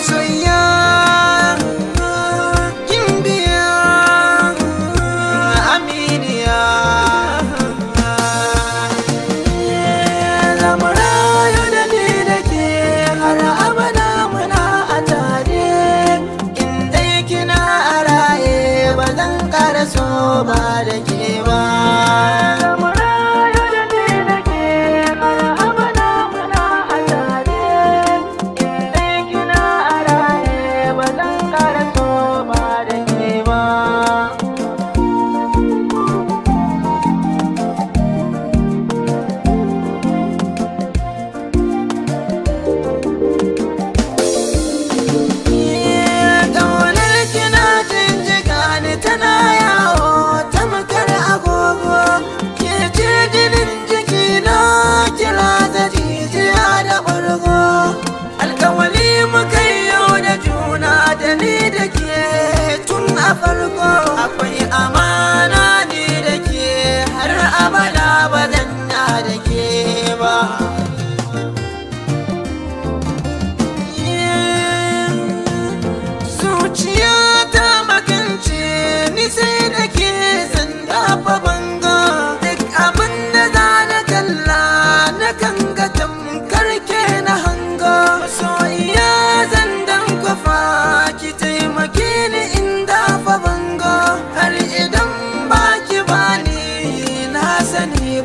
masoya gimbiya aminiya zamarayo da ni da ke har abada muna a tare in dai kina a raye ba zan karaso ba da ke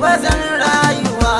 वदन रायुवा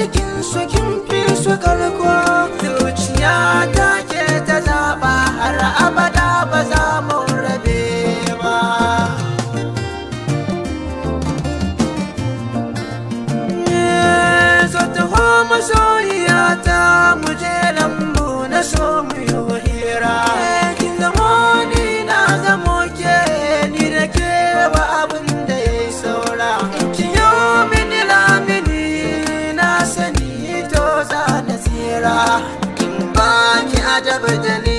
cikin su kin fi su karko zuciya ta ke ta zaba har abada ba za mu rabe ba zo ta masoyiya ta mu je lambu na so da bajani